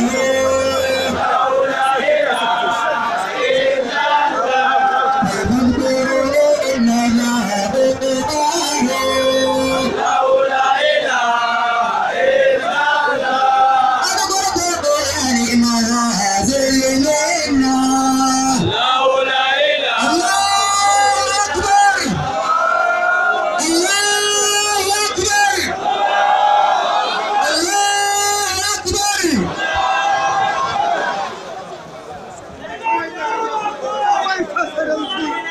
Yeah.